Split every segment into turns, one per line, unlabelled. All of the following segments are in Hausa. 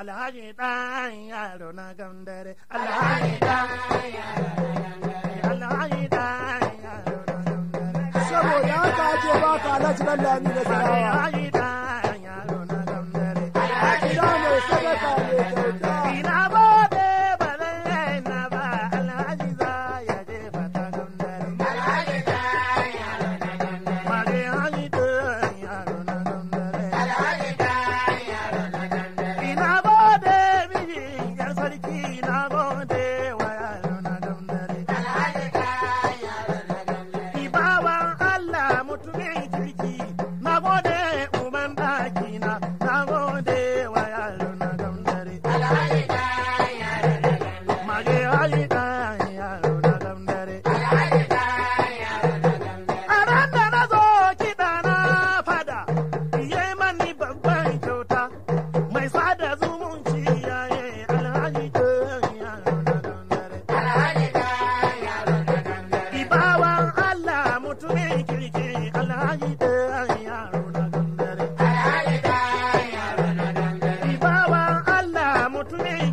alhaji dan yaro na gandare alhaji dan yaro na gandare saboda haka ake baka alhaji da sarawa me.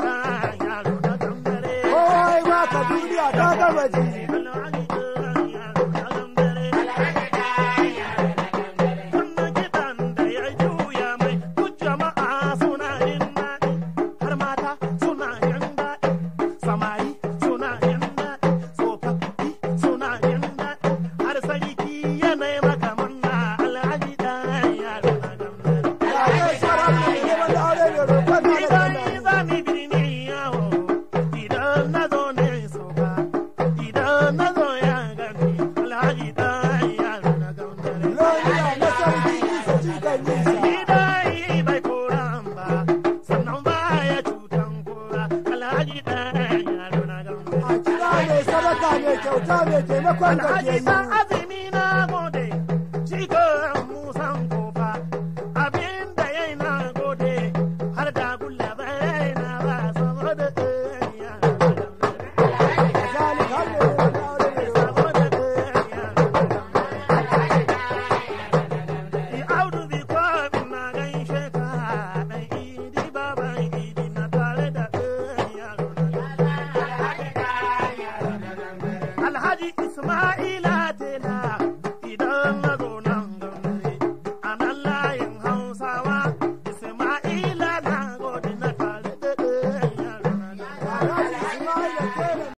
A kira mai sadaka mai kyauta ne taimakon gajiyayyu. Alhaji Ismaila